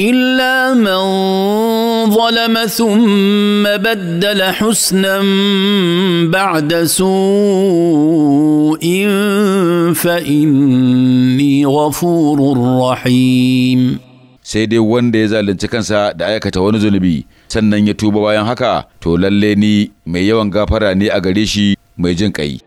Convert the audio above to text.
الا من ظلم ثم بدل حسنا بعد سوء فاني غفور رحيم سيدي وندي زال تكنسا دعيك تون زنبي سنن يتوب ويان هكا تولليني مي يوان غفراني اغريشي مي جنكي